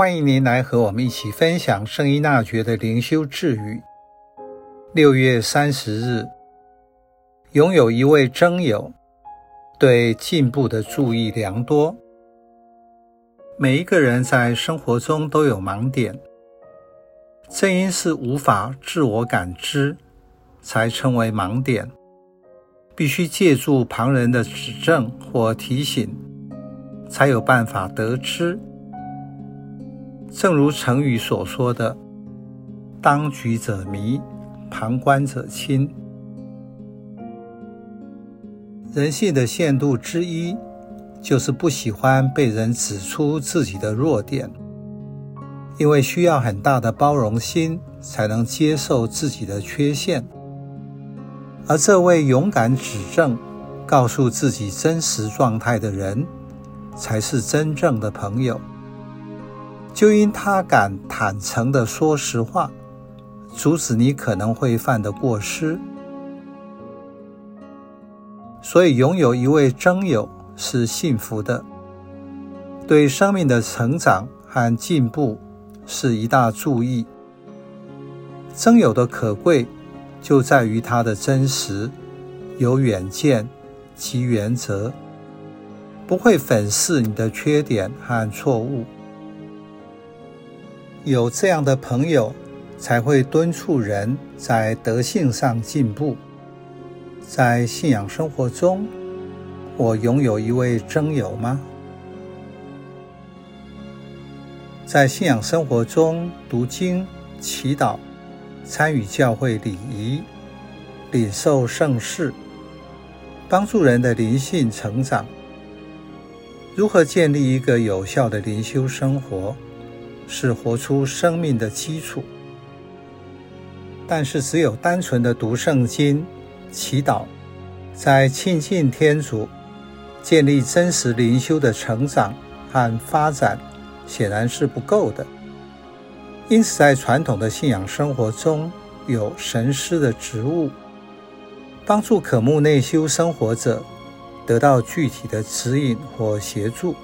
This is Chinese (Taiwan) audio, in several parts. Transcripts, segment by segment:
歡迎您來和我們一起分享聖依納爵的靈修智語。六月三十日，擁有一位諍友，對進步的助益良多。每一個人在生活中都有盲點，正因是無法自我感知，才稱為盲點，必須借助旁人的指正或提醒，才有辦法得知。正如成語所說的，“當局者迷，旁觀者清”。人性的限度之一，就是不喜歡被人指出自己的弱點，因為需要很大的包容心才能接受自己的缺陷。而這位勇敢指正、告訴自己真實狀態的人，才是真正的朋友。就因他敢坦誠地說實話，阻止你可能會犯的過失，所以擁有一位諍友是幸福的。對生命的成長和進步是一大註意。諍友的可貴就在於他的真實、有遠見及原則，不會粉飾你的缺點和錯誤。有這樣的朋友，才會敦促人在德行上進步。在信仰生活中，我擁有一位諍友嗎？在信仰生活中，讀經、祈禱、參與教會禮儀、領受聖事，幫助人的靈性成長，如何建立一個有效的靈修生活，是活出生命的基礎，但是只有單純的讀聖經、祈禱，在親近天主、建立真實靈修的成長和發展，顯然是不夠的。因此，在傳統的信仰生活中，有神師的職務，幫助渴慕內修生活者得到具體的指引或協助。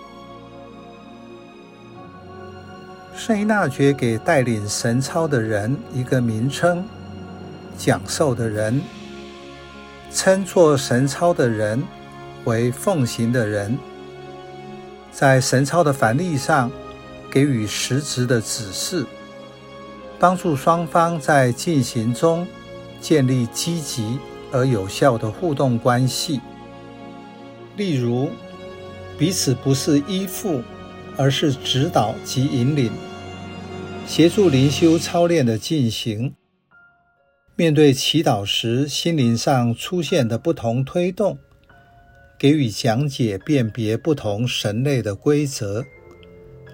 聖依納爵給帶領神操的人一個名稱，講授的人稱作神操的人為奉行的人，在神操的凡例上給予實質的指示，幫助雙方在進行中建立積極而有效的互動關係。例如，彼此不是依附。而是指導及引領，協助靈修操練的進行；面對祈禱時心靈上出現的不同推動，給予講解辨別不同神類的規則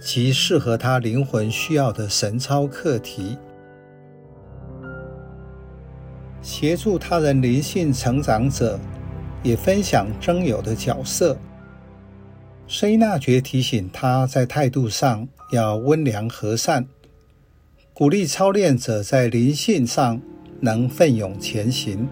及適合他靈魂需要的神操課題；協助他人靈性成長者，也分享諍友的角色。聖依納爵提醒他，在態度上要溫良和善，鼓勵操練者在靈性上能奮勇前行。